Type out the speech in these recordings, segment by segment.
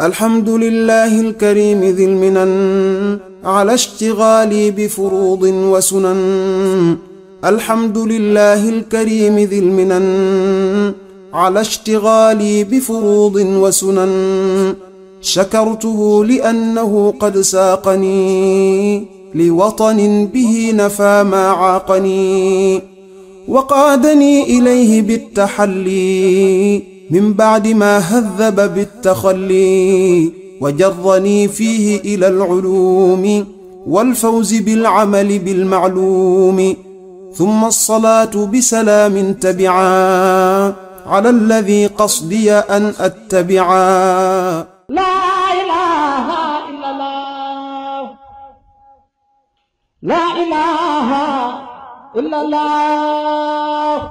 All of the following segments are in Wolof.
الحمد لله الكريم ذي المنن على اشتغالي بفروض وسنن الحمد لله الكريم ذي المنن على اشتغالي بفروض وسنن شكرته لأنه قد ساقني لوطن به نفى ما عاقني وقادني إليه بالتحلي من بعد ما هذب بالتخلي وجرني فيه إلى العلوم والفوز بالعمل بالمعلوم ثم الصلاة بسلام تبعا على الذي قصدي أن أتبعا لا إله إلا الله لا إله إلا الله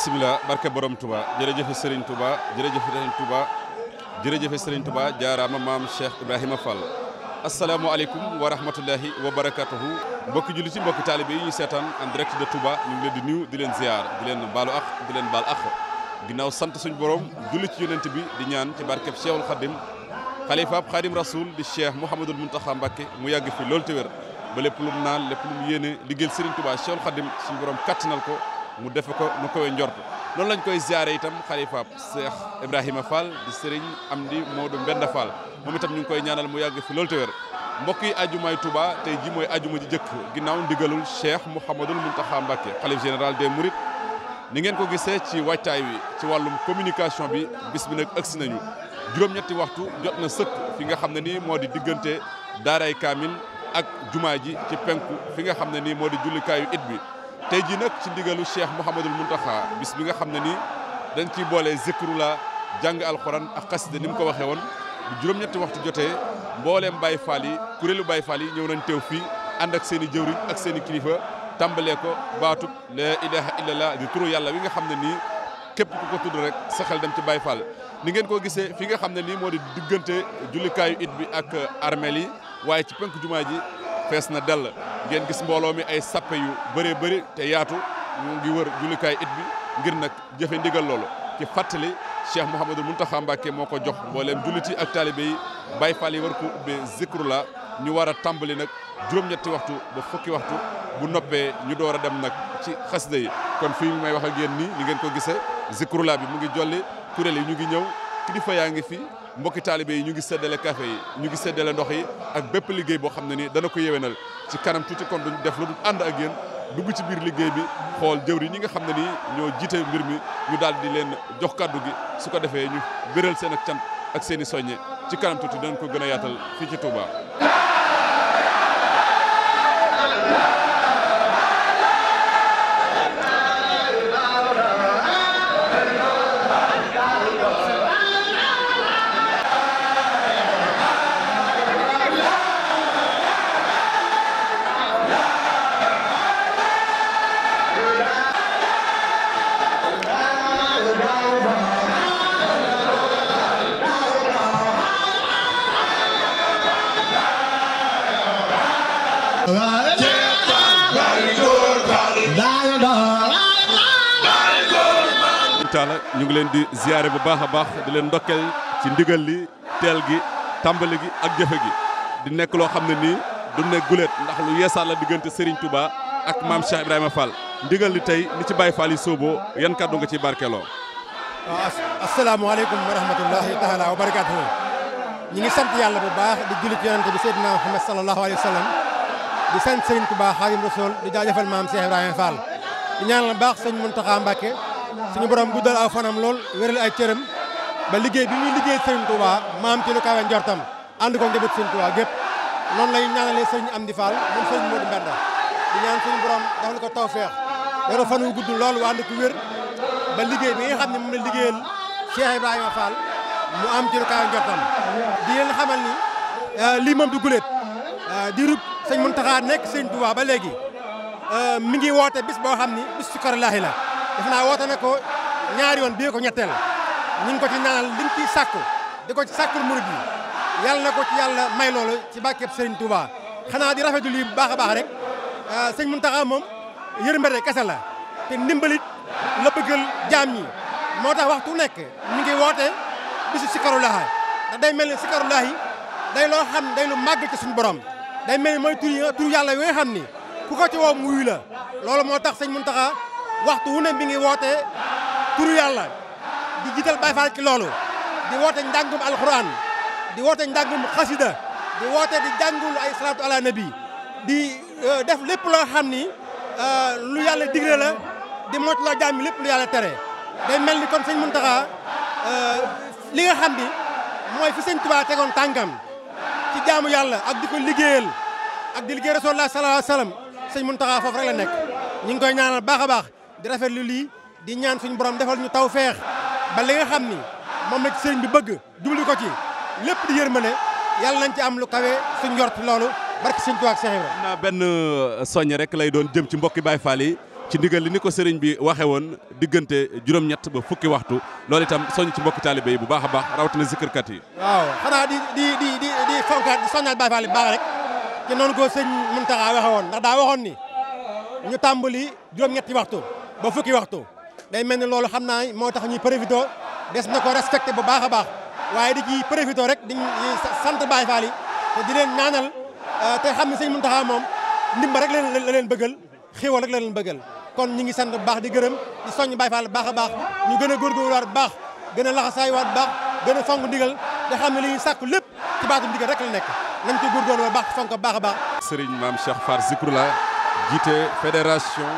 bisimilah barke borom Touba jërëjëfe sëriñ Touba jërëjëfe Serigne Touba jërëjëfe Serigne Touba jaaraama maam Cheikh Ibrahima Fall asalaamaaleykum wa rahmatullahi wa barakatuhu mbokki julli ci mbokki taalibe yi ñu seetaan en direct de Touba ñu ngi di nuyu di leen ziar di leen baalu ak di leen baal ak ginnaaw sant suñ borom julli ci yonent bi di ñaan ci barkeb Cheikhul Khadim xalifaab Khadim Rasoul di Cheikh Mouhamadul Mountakha Mbacké mu yàgg fi loolu te wér ba lépp lu mu naan lépp lu mu yéene liggéeyal Serigne Touba Cheikhul Khadim suñu borom ko mu defe ko nu koy njort noonu lañ koy ziare itam xalifa Cheikh Ibrahima Fall di Serigne moo Modou Mbenda Fall moom itam ñu ngi koy ñaanal mu yàgg fi loolu te wér mbokk yi ajumaay Touba tey ji mooy ajuma ji jëkk ginnaaw ndigalul Cheikh Mouhamadul Mountakha Mbacké xalif général des Mourides ni ngeen ko gisee ci waajtaay wi ci wàllum communication bi bis bi nag agsi nañu juróom-ñetti waxtu jot na sëkk fi nga xam ne ni moo di diggante daaray kaamil ak jumaa ji ci penku fi nga xam ne nii moo di jullikaayu it bi tey jii nag ci ndigalu Cheikh Mouhamadul Mountakha bis bi nga xam ne nii dañ ciy boole zikrula jàng alxuraan ak xasida ni mu ko waxee woon bu juróom-ñetti waxtu jotee mbooleem Baye Fall yi kuréelu Baye Fall yi ñëw nañ teew fii ànd ak seen i jëwriñ ak seen i kilifa tàmbalee ko baatub la ilaha illallah di turu yàlla wi nga xam ne nii képp ku ko tudd rek sa xel dem ci Baye Fall ni ngeen koo gisee fi nga xam ne nii moo di diggante jullikaayu it bi ak armel yi waaye ci penk jumaa ji fees na dell ngeen gis mbooloo mi ay sappe yu bëree bëri te yaatu ñu ngi wër jullikaay it bi ngir nag jëfe ndigal loolu ci fàttali Cheikh Mouhamadou Mountakha Mbacké moo ko jox mbooleem julliti ak taalibe yi bay Fall yi war ko ubbee zikrula ñu war a tàmbali nag juróom-ñetti waxtu ba fukki waxtu bu noppee ñu door a dem nag ci xasida yi kon fii may wax ak yéen nii ni ngeen ko gisee zikrula bi mu ngi jolli kuréel yi ñu ngi ñëw kilifa yaa ngi fi mbokki taalibe yi ñu ngi seddale café yi ñu ngi séddale ndox yi ak bépp liggéey boo xam ne nii dana ko yéwénal ci kanam tuuti kon duñ def lu dul ànd ak yéen dugg ci biir liggéey bi xool jëwri ñi nga xam ne ni ñoo jiite mbir mi ñu daal di leen jox kàddu gi su ko defee ñu béral seen ak cant ak seen i soññe ci kanam tuuti danañ ko gën a yaatal fii ci Touba taala ñu ngi leen di ziyaare bu baax a baax di leen ndokkeel ci ndigal li teel gi tàmbali gi ak jëfe gi di nekk loo xam ne nii du ne guleet ndax lu yeesaat la diggante Serigne Touba ak maam Cheikh Ibrahima Fall ndigal li tey ni ci Baye Fall yi sóoboo yan kàddu nga ciy barkeeloo. waaw asalaamaaleykum wa rahmatullahi taala wa barakaatuhu ñi ngi sant yàlla bu baax di julli ci yonent bi Seydina Muhammad sallallahu alayhi wa sallam di sant Serigne Touba Xaadimu Rasuul di jaajëfal maam Cheikh Ibrahima Fall di ñaanal baax suñu borom guddal aw fanam lool wéral ay cëram ba liggéey bi muy liggéey Serigne ma maam ci lu kawe njortam ànd ko njabootu Serigne Touba gépp noonu lañu ñaanalee Serigne Amdi Fall moom Serigne Modou Mbenda di ñaan suñu borom defal ko tawfeex yoro fan wu gudd lool wa ànd ko wér ba liggéey bi nga xam ne moom la liggéeyal Cheikh Ibrahima Fall mu am ci lu kawe njortam di leen xamal ni euh, lii du guléet euh, di rub sëñ Muntaxa nekk Serigne Touba ba léegi euh, mi ngi woote bis boo xam ni bis sukar def naa woote na ko ñaari yoon bii ko ñetteel ñu ngi ko ci ñaanal liñ ciy sàkku di ko ci sàkkul murid yi yàlla na ko ci yàlla may loolu ci bàkkeeb Serigne Touba xanaa di rafetlu lii bu baax a baax rek euh, sëñ Mountakha moom yërmande kese la te ndimbalit la bëggal jaam yi moo tax waxtu nekk ñu ngi woote bisu sikaru laha ndax day mel ni sikaru yi day loo xam day lu màgg ci suñu borom day mel mooy tur tur yàlla yooyu xam ni ku ko ci woo mu wuyu la loolu moo tax sëñ Mountakha waxtu wu ne mi ngi woote turu yàlla di jiital Baay Faal ci loolu di woote njàngum alxuraan di woote njàngum xasida di woote di jàngul ay salaatu ala nabi di euh, def lépp loo xam ni euh, lu yàlla digle la di mot loo jàmm lépp lu yàlla tere day mel ni kon sëñ Muntaxa euh, li nga xam ni mooy fi sëñ Tuubaa tegoon tànkam ci jaamu yàlla ak di ko liggéeyal ak di liggéey Rasulullah sallallahu alayhi wasallam sëñ Muntaxa foofu rek la nekk ñu ngi koy ñaanal baax a baax di rafetlu lii di ñaan suñu boroom defal ñu taw feex ba li nga xam ni moom la ci sëriñ bi bëgg jublu ko ci lépp di ne yàlla nañ ci am lu kawe suñ njort loolu barki sëriñ Tuubaa ak Seex Ibra naa benn uh, soññ rek lay doon jëm ci mbokki Baay Faal yi ci ndigal li ni ko sëriñ bi waxe woon diggante juróom-ñett ba fukki waxtu loolu itam soñ ci mbokki taalibe yi bu baax a baax na rawatina zikirkat yi waaw xanaa di di di di di fonkaat di soññaat Baay Faal noonu ko sëñ Muntaxa waxe woon ndax daa waxoon ni ñu tàmbali juróom waxtu ba fukki waxtu day mel ni loolu xam naa moo tax ñuy profité des na ko respecté bu baax a baax waaye di ci profité rek di sant Baye Fall yi te di leen ñaanal euh, te xam ne sëñ Mountakha moom ndimba rek la leen bëggal xéwal rek la leen bëggal kon ñu ngi sant bu baax di gërëm di soññ Baye Fall baax a baax ñu gën a góorgóorluwaat bu baax gën a laxasaayuwaat baax gën a fonk ndigal te xam ne li ñuy sàkku lépp ci baatum rek la nekk nañ ci góorgóorlu baax fonk baax a baax. Serigne Mame Cheikh Far Zikroula jiite fédération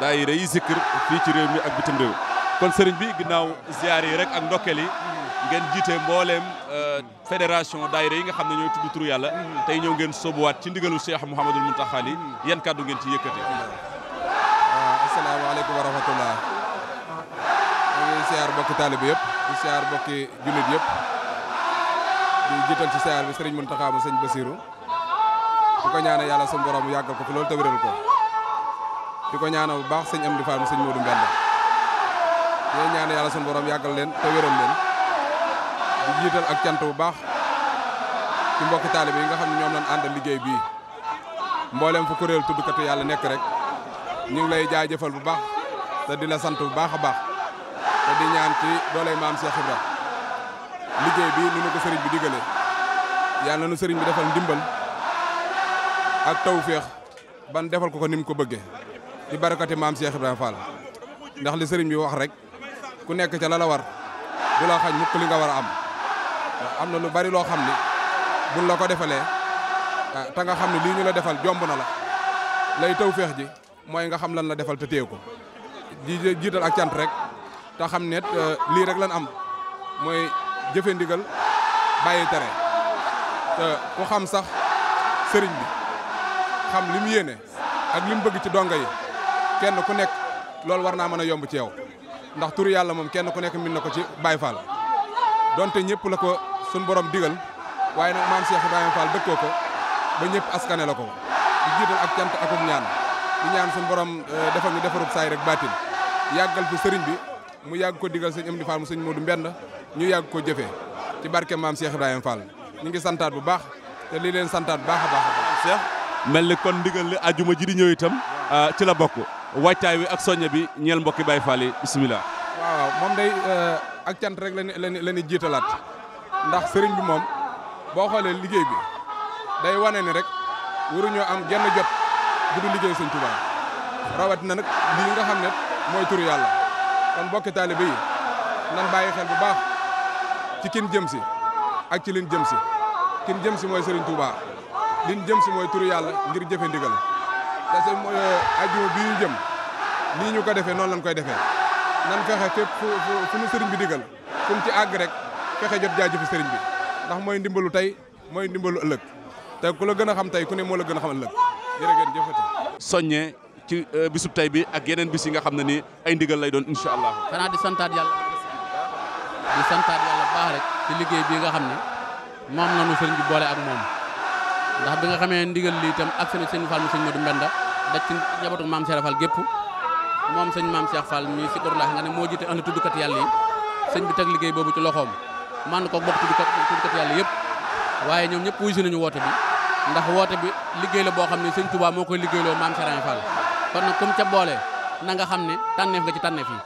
daayira yi zikr fii ci réew mi ak bitim réew kon sëriñ bi ginnaaw ziar yi rek ak ndokkeel yi ngeen jiite mbooleem euh, fédération daayira yi nga xam ne ñooy tudd turu yàlla tey ñëw ngeen sobuwaat ci ndigalu Cheikh Mouhamadul Mountakha yi yan kàddu ngeen ci yëkkate waaw asalaamaaleykum wa rahmatullah ñu ngi bokki taalib yëpp di ziar bokki jullit yëpp di jiital ci ziar bi sëriñ Mountakha mu sëñ Basirou bu ko ñaanee yàlla suñu borom yàggal loolu te di ko ñaana bu baax sëñ Amdi Fall sëñ Modou Mbend yéen ñaan yàlla sunu borom yàggal leen te wéral leen ak cant bu baax ci mbokki taalibe yi nga xam ne ñoom lañ àndal liggéey bii mboolem fu kuréel tuddkatu yàlla nekk rek ñu ngi lay jaajëfal bu baax te di sant bu baax a baax te di ñaan ci dooley maam Cheikh Ibra liggéey bi ni nu ko sëriñ bi digale yàlla nu sëriñ bi defal ndimbal ak tawféex ban defal ko ko ni mu ko bëggee di barakati maam si Ibrahima Fall ndax li sëriñ bi wax rek ku nekke ca la la war du la xañ mukk li nga war a am am na lu bari loo xam ni buñ la ko defalee ah, ta nga xam ne lii ñu la defal jomb la lay taw feex ji mooy nga xam lan la defal te ko di jiital ak cant rek te ne euh, lii rek lan am mooy jëfe ndigal bàyyi tere sax sëriñ bi xam li mu yéene ak li mu ci donga yi kenn ku nekk loolu war naa mën a yomb ci yow ndax turu yàlla moom kenn ku nekk min na ko ci Baye Fall donte ñëpp la ko suñ borom digal waaye nag maam seex Ibrahima Fall dëkkoo ko ba ñëpp askane la ko di jiital ak cant akum ñaan di ñaan suñ borom eh, defal ñu defarub saay rek baatin yàggal fi sëriñ bi mu yàgg ko digal sëñ Amdi Fall mu sëñ Modou Mbend ñu yàgg ko jëfee ci barke maam Cheikh Ibrahima Fall ñu ngi santaat bu baax te lii leen santaat bu baax a baax. Cheikh mel ni kon ndigal li ajuma ji di ñëw itam ah, ci la bokk. waajtaay wi ak soñña bi ñeel mbokki Baye Fall yi bisimilah. waaw moom day euh, ak cant rek lañu lañu lañu jiitalaat ndax sëriñ bi moom boo xoolee liggéey bi day wane ni rek waruñoo am genn jot bu du liggéey sëñ Tuubaa rawatina nag lii nga xam ne mooy turu yàlla kon mbokki taalibe yi nan bàyyi xel bu baax ci kin jëm si ak ci lin jëm si kin jëm si mooy sëriñ Tuubaa lin jëm si mooy turu yàlla ngir jëfe dase mooy euh, ajuma bi ñu jëm nii ñu ko defee noonu lañ koy defee nan fexe fépp fu fu nu sëriñ bi digal fu mu ci àgg rek fexe jot jaajëfu sëriñ bi ndax mooy ndimbalu tey mooy ndimbalu ëllëg te ku la gën a xam tey ku ne moo la gën a xam ëllëg jërëjëf jëfati soññee ci euh, bisub tey bi ak yeneen bis yi nga xam ne nii ay ndigal lay doon incha allah. xanaa di santaat yàlla di santaat yàlla baax rek ci liggéey bii nga xam ne moom la ñu sëriñ bi boole ak moom ndax bi nga xamee ndigal lii itam ak seen sëñ Fall mu sëñ Modou Mbenda daj ci njabootu maam Cheikh Fall gépp moom sëñ maam Cheikh Fall mi si korulaax nga ne moo jiite ànd tuddkat yàlla yi sëñ bi teg liggéey boobu ci loxoom man ko bokk tuddkat tuddkat yàlla yëpp waaye ñoom ñëpp wuy si nañu woote bi ndax woote bi liggéey la boo xam ne sëñ Touba moo koy liggéeyloo maam Cheikh Fall kon nag comme ca boole na nga xam ne tànneef nga ci tànneef yi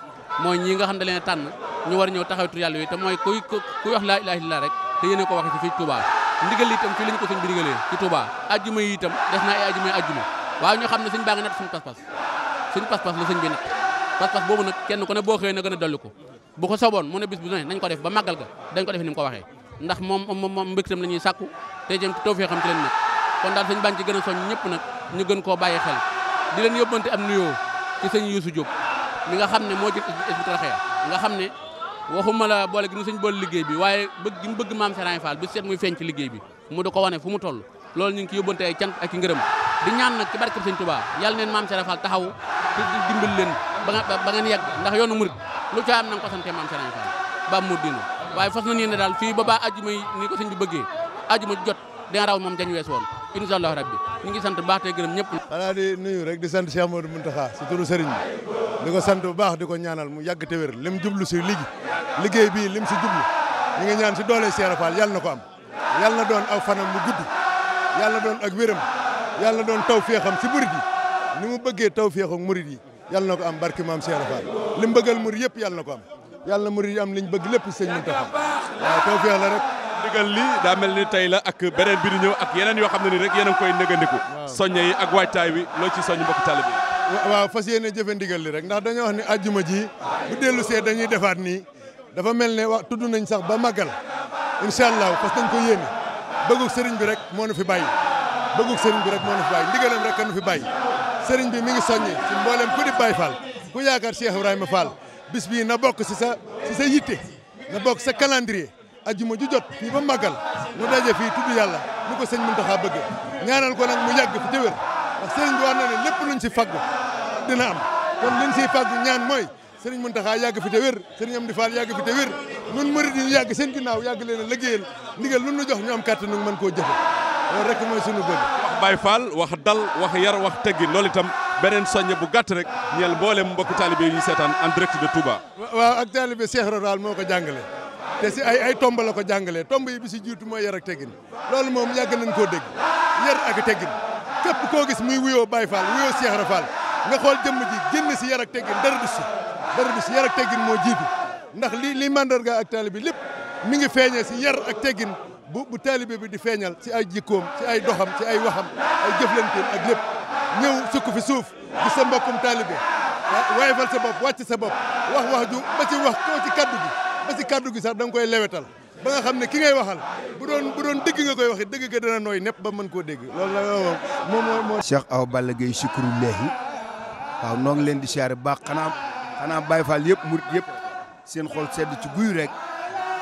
mooy ñii nga xam ne leen tànn ñu war ñëw taxaw tur yàlla yi te mooy kuy kuy wax laa ilaaha illallaah rek te yéene ko waxe ci fii Touba ndigal li itam fii lañu ko sëñ bi ndigalee ci Touba ajjuma yi itam def naa ay ajjuma yi ajjuma waaw ñoo xam ne sëñ baa ngi natt suñu pas-pas la sëñ bi natt pas-pas nag kenn ku ne boo xëyee na gën ko bu ko soboon mu ne bis bu ne nañ ko def ba màggal ga dañ ko def ni mu ko waxee ndax moom moom mbégtam la ñuy sàkku te jëm tawfeex xam ci leen nag kon daal sëñ baa gën a soñ ñëpp nag ñu gën koo bàyyi xel di leen yóbbante am nuyoo ci sëñ xam ne moo jël nga xam ne waxuma la boole gi ñu sëñ boole liggéey bi waaye bëgg gi bëgg maam Serigne Fall bi seet muy feeñ liggéey bi mu da ko wane fu mu toll loolu ñu ngi ki yóbbante ay cant ak i ngërëm di ñaan nag ci barkeb sëñ Touba yàlla neen maam Serigne taxaw te dimbal leen ba ngeen yegg ndax yoonu murit lu ca am na nga ko santee maam Serigne Fall ba mu dina waaye fas na yéene daal fii ba baa ajuma yi ni ko sëñ bi bëggee ajuma jot dina raw moom jañ wees woon incha allah rabbi mu ngi sant baax tey gërëm ñëpp. xanaa di nuyu rek di sant Cheikh Amadou sant bu baax di ko ñaanal mu yàgg te wér lim jublu si liggéey liggéey bii mu si jublu ñu ngi ñaan si doole Cheikh Fall yàlla na ko am yàlla na doon aw fanam mu gudd yàlla doon ak wéram yàlla doon taw féexam si murid yi ni mu bëggee taw féexam murid yi yàlla na ko am barki maam Cheikh Fall lim bëggal murid yëpp yàlla na ko am yàlla murid yi am liñ bëgg lépp sëñ Mountakha waaw taw féex yëgal li daa mel ni tey la ak beneen bi di ñëw ak yeneen yoo xam ne nii rek yéen koy nëgandiku soññe yi ak waajtaay wi loo ci soññ mbokk tali bi waaw fas yéene jëfe ndigal li rek ndax dañoo wax ni àjjuma ji bu dellu see dañuy defaat nii dafa mel ne wax tudd nañ sax ba màggal incha allah parce ko yéene bëggug sëriñ bi rek moo nu fi bàyyi bëggug sëriñ bi rek moo nu fi bay ndigalam rek nu fi bàyyi sëriñ bi mi ngi soññi si mboolem ku di Baye Fall ku yaakaar Cheikh Ibrahima Fall bis na bokk si sa si sa yitte sa calendrier ajjuma ju jot fii ba màggal mu daje fi tudd yàlla nu ko mun sëñ a bëgg ñaanal ko nag mu yàgg fi téwér ndax sëriñ bi wax na ne lépp luñ si faggu dina am kon liñ siy faggu ñaan mooy sëriñ Muntaxa yàgg fi te wér sëriñ Amdi Fall yàgg fi te wér nun murid yi ñu yàgg seen ginnaaw yàgg leen a liggéeyal ndigal lu nu jox ñu am kàttan nu mën koo jëfe loolu rek mooy sunu bëgg wax Baye Fall wax dal wax yar wax teggin loolu itam beneen soññe bu gàtt rek ñeel mboolem mbokk taalibe yi ñu seetaan en direct de Touba waaw ak taalibe Cheikh Rodal moo ko jàngale te si ay ay tomb la ko jàngalee tomb yi bi si jiitu mooy yar ak teggin loolu moom yàgg nañ koo dégg yar ak teggin képp koo gis muy wuyoo Baye Fall wuyoo Cheikh Ibra nga xool jëmm ji génn si yar ak teggin dara du si dara du si yar ak teggin moo jiitu ndax li li mandarga ak taalibe bi lépp mi ngi feeñee si yar ak tegin bu bu taalibe bi di feeñal si ay jikkoom si ay doxam si ay waxam ay jëflanteem ak lépp ñëw sukk fi suuf di sa mbokkum taalibe waaye fal sa bopp wàcc sa bopp ci wax ci kaddu gi ba si kaddu gi sax danga koy lewetal ba nga xam ne ki ngay waxal bu doon bu doon dëgg nga koy waxee dëgg nga dana nooy nepp ba mën koo dégg loolu la moom moo moo. Cheikh Awa Balla Gaye Chikru Lehi waaw ngi leen di siyaare baax xanaa xanaa Baye Fall yëpp murit yëpp seen xol sedd ci guy rek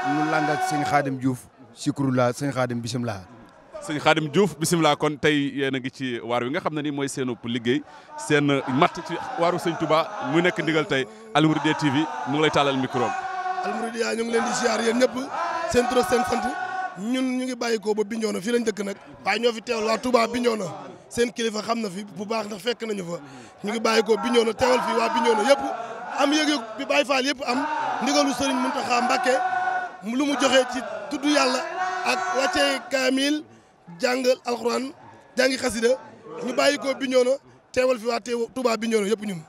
ñu làng ak sëñ Xaadim Diouf la sëñ bisimilah. sëñ Xaadim Diouf bisimilah kon tey yéen a ngi ci waar wi nga xam ne nii mooy seen liggéey seen matt ci waaru sëñ Touba mu nekk ndigal tey Al Mouridiyyah TV mu ngi lay tàllal micro almouridiya ñu ngi leen di ziar yéen ñëpp seen tur seen sant ñun ñu ngi bàyyi ko ba Bignona fii lañ dëkk nag waaye ñoo fi teewal waa Touba Bignona seen kilifa xam na fi bu baax ndax fekk nañu fa ñu ngi bàyyi ko Bignona teewal fii waa Bignona yëpp am yëg-yëg bi Baye Fall yëpp am ndigalu sëriñ Mountakha Mbacké lu mu joxe ci tudd yàlla ak wàcce kaamil jàng alxuraan jàngi xasida ñu bàyyi ko Bignona teewal fi waa Touba Bignona yëpp ñun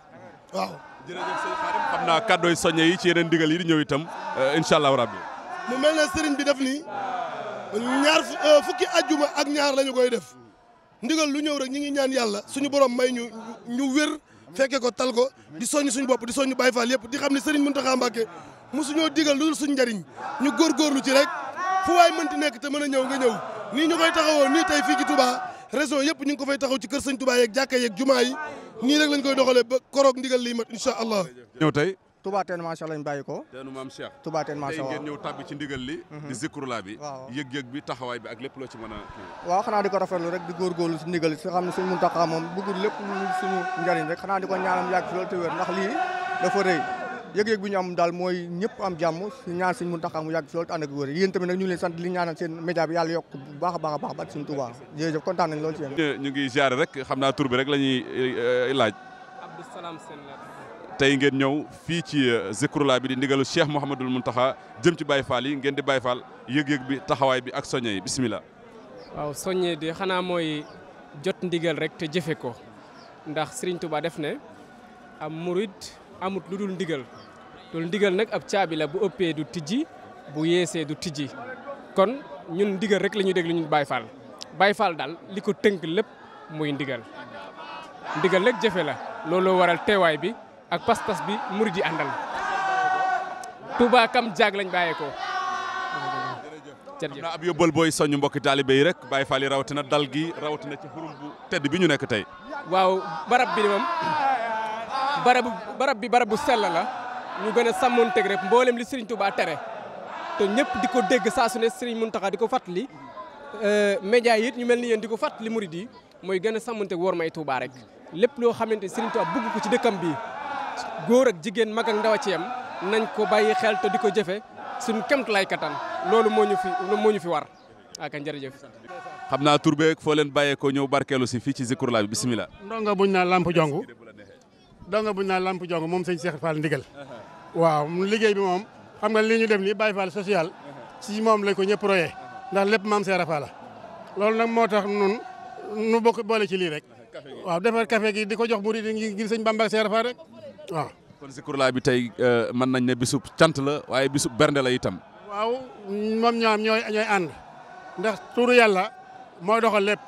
waaw jërëjëf xam naa kàddooy soññe yi ci yeneen digal yi di ñëw itam euh, incha allahu rabbi mu mel ne sëriñ bi def nii ñaar euh, fukki ajjuma ak ñaar lañu koy def ndigal lu ñëw rek ñi ngi ñaan yàlla suñu borom may ñu ñu wér fekke ko tal ko di soññ suñu bopp di soññ Baay Faal yëpp di xam ne sëriñ Muntaxa Mbàkke mosuñoo digal lu dul suñu njariñ ñu góor góorgóorlu ci rek fu waay mënti nekk te mën a ñëw nga ñëw nii ñu koy taxawoo nii tey fii ci Touba région yëpp ñu ngi ko fay taxaw ci kër sëñ Touba yeeg jàkka yeeg jumaa yi nii rek lañ koy doxalee ba koroog ndigal lii mat incha allah. ñëw tey. Touba Tene Mansour lañ bàyyi ko. teenu maam Cheikh. Touba Tene Mansour waaw tey ngeen ñëw tàbbi ci ndigal li. Mhm. di zikrulaa bi. waaw yëg-yëg bi taxawaay bi ak lépp loo ci mën a. waaw xanaa di ko rafetlu rek di góorgóorlu si ndigal si xam ne suñ Muntaxa moom bëggul lépp lu suñu njariñ rek xanaa di ko ñaanam yàgg fi loolu te wér ndax lii dafa rëy yëg-yëg bi ñu am daal mooy ñëpp am jàmm si ñaan suñ Muntaxa mu yàgg fi loolu te ànd ak wér yéen nag ñu ngi sant li ñaanal seen média bi yàlla yokk bu baax a a kontaan nañ loolu ñu ngi ziare rek xam naa tur bi rek la ñuy eh, laaj ngeen ñëw fii ci eh, Zikrullah bi di ndigalu Cheikh Mouhamadoul Muntaxa jëm ci Baye Fall yi ngeen di Baye Fall yëg-yëg bi taxawaay bi ak soññe yi bismillah waaw soññe di xanaa mooy jot ndigal rek te jëfe ko ndax Sëriñ Tuubaa def ne am murid amut lu dul ndigal loolu ndigal nag ab caabi la bu ëppee du tijji bu yeesee du tijji kon ñun ndigal rek la ñuy déglu ñun Baye Fall Baye Fall dal li ko tënk lépp muy ndigal ndigal nag jafe la looloo waral teewaay bi ak pas-pas bi murid yi àndal Touba kam jaag lañ bàyyee ko am na ab yóbbal booy soññ mbokki taalibe yi rek Baye Fall yi rawatina dal gi rawatina ci xurum bu tedd bi ñu nekk tey waaw barab bi moom barab barab bi barab bu sell la ñu gën a sàmmonteeg rek mboolem li Serigne Touba tere te ñëpp di ko dégg saa su ne Serigne Mountakha di ko fàttali euh, média yi it ñu mel ni yéen di ko li murid yi mooy gën a sàmmonteeg wor may Touba rek lépp loo xamante Serigne Touba bugg ko ci dëkkam bi góor ak jigéen mag ak ndaw ci yem nañ ko bàyyi xel te di ko jëfe suñu kemtalaay kattan loolu moo ñu fi moo ñu fi war ak jërëjëf. xam naa tur beeg foo leen bàyyee ko ñëw barkeelu si fii ci Zikroulahi bi donga buñ naan lamp jongo moom sëñ Cheikh Fall ndigal waaw liggéey bi moom xam nga li ñu def nii Baye Fall social ci moom lañ ko ñëpp royee ndax lépp maam Cheikh Fall la loolu nag moo tax nun nu bokk boole ci lii rek waaw defar café gi di ko jox murid yi ngir sëñ Bamba Cheikh Fall rek waaw kon si kurlaa bi tey euh, mën nañ ne bisub cant la waaye bisub bernde la itam waaw moom ñooy ñooy ndax turu yàlla mooy doxal lépp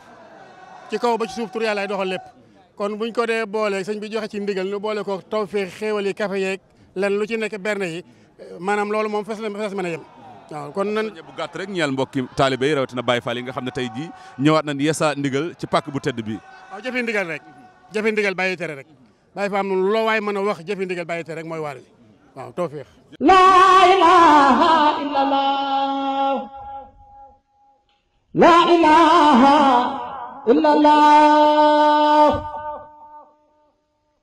ci kaw ba ci suuf turu yàlla ay doxal lépp kon bu buñ ko dee boole sëñ bi joxe ci ndigal nu boole ko taw fii xéewal yi café yeeg lan lu ci nekk berne yi maanaam loolu moom fes fees mën a yem waaw kon nan bu gàtt rek ñeel mbokki taalibe yi rawatina Baye Fall yi nga xam ne tey jii ñëwaat nañ yeesa ndigal ci pàkk bu tedd bi waaw jëfe ndigal rek jëfe ndigal bàyyi tere rek Baye Fall moom loo a wax jëfe ndigal bàyyi tere rek mooy waar wi waaw tawfiix laa ilaaha illallah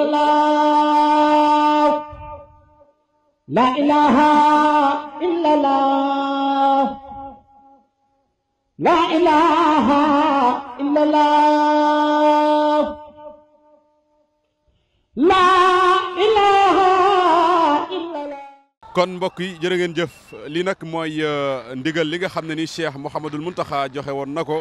illallah la ilaha illallah la ilaha illallah kon mbokk yi jërë ngeen jëf lii nag mooy euh, ndigal li nga xam ne ni Cheikh Mouhamadul Mountakha joxe woon na ko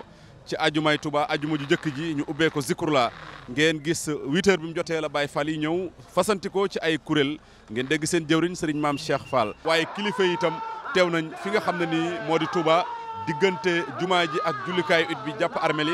ci ajumay Touba ajuma ju jëkk ji ñu ubbee ko Zikrula ngeen gis 8h bi mu jotee la Baye Fall yi ñëw fasantikoo ci ay kuréel ngeen dégg seen jëwriñ sëriñ maam Cheikh Fall. waaye kilifa yi teew nañ fi nga xam ne nii moo di Touba diggante jumaa ji ak jullikaayu it bi jàpp armel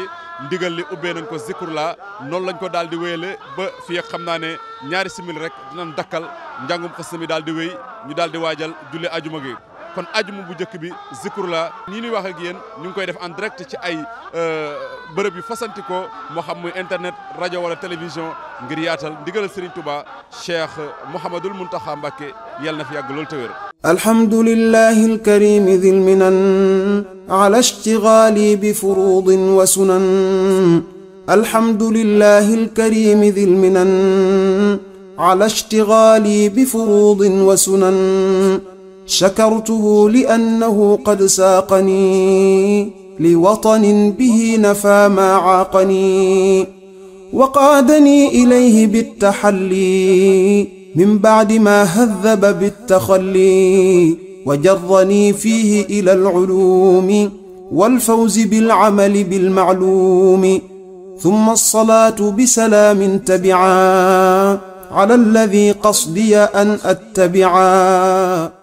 ndigal li ubbee nañ ko Zikrula noonu lañ ko daal di wéyale ba fii xam naa ne ñaari simil rek dinañ dakkal njàngum xas mi daal di wéy ñu daal di waajal julli ajuma gi. kon ajuma bu njëkk bi Zikroullah nii ñuy wax ak yéen ñu ngi koy def en direct ci ay euh, bërëb yu fasanti ko moo xam muy internet rajo wala télévision ngir yaatal ndigalal Serigne Touba Cheikh Mouhamadul Mountakha Mbacké yàlla na fi yàgg loolu te wér alhamdulillahi alkarim dhil minan ala ishtighali bi furudin wa sunan alhamdulillahi alkarim dhil minan ala ishtighali bi furudin wa sunan شكرته لأنه قد ساقني لوطن به نفى ما عاقني وقادني إليه بالتحلي من بعد ما هذب بالتخلي وجرني فيه إلى العلوم والفوز بالعمل بالمعلوم ثم الصلاة بسلام تبعا على الذي قصدي أن أتبعا